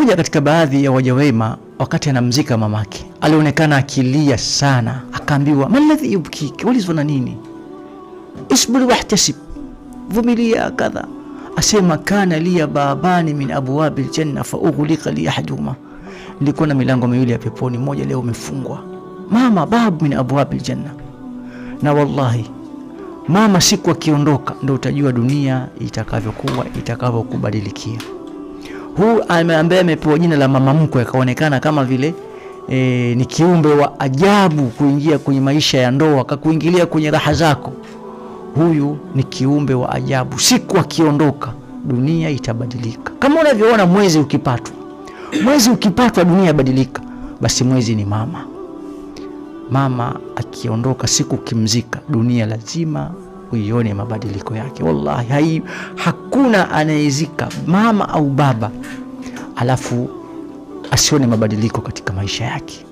Mmoja katika baadhi ya wajawema wakati anamzika mamake alionekana akilia sana, akaambiwa maladhi yubkiki, walizona nini? Isbir wahtasib, vumilia kadha. Asema kana liya babani min abwabi ljanna faughlika li ahaduhuma, nilikuwa na milango miwili ya peponi, moja leo imefungwa. Mama babu min abwabi ljanna, na wallahi mama, siku akiondoka ndo utajua dunia itakavyokuwa itakavyokubadilikia huu ambaye amepewa jina la mama mkwe akaonekana kama vile e, ni kiumbe wa ajabu kuingia kwenye maisha ya ndoa, akakuingilia kwenye raha zako. Huyu ni kiumbe wa ajabu. Siku akiondoka, dunia itabadilika. Kama unavyoona mwezi ukipatwa, mwezi ukipatwa, dunia badilika Basi mwezi ni mama. Mama akiondoka, siku kimzika, dunia lazima uione mabadiliko yake. Wallahi hai, hakuna anayezika mama au baba alafu asione mabadiliko katika maisha yake.